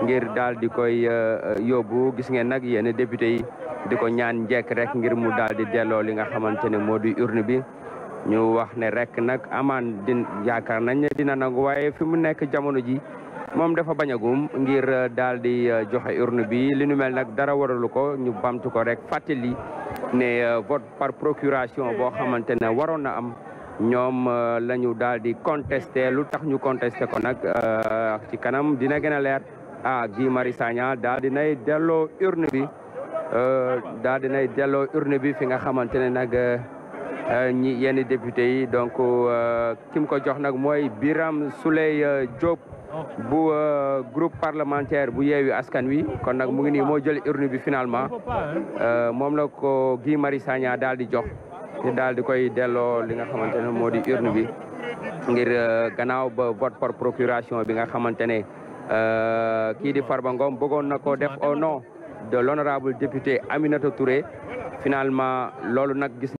ngir dal di koy eh, eh, yóbbu gis ngeen nag yenn député yi di ko ñaan njekk rek ngir mu daal di delloo li nga xamante ne urne bi ñu wax ne rek nag aman di yaakaar nañ ne dina nangu waaye fi mu nekk jamono ji dafa gum ngir eh, dal di joxe urne bi li nu mel nag dara waralu ko ñu bamtu ko rek ne vote par procuration boo xamante ne waroon na am ñoom la ñu di contesté lu tax ñu contesté ko nag ci kanam dina gën leer ah Guy Mari Sanya daal di Delo eh, delloo urne bi daal di nay delloo urne bi fi nga xamante ne nag ñi eh, yenn député yi donc eh, ki ko jox nag mooy Birame Souleye Diop bu groupe parlementaire bu yeewi askan wi kon nag mu ngi nii moo jël urne bi finalement moom la ko Guy Marius Sagna daal di jox ñu daal di koy delloo li nga xamante ne urne bi ngir gannaaw ba vote par procuration bi nga xamante Qui euh, di Farba Ngom Bogon Nakodef, au nom de l'honorable député Aminato Touré finalement loolu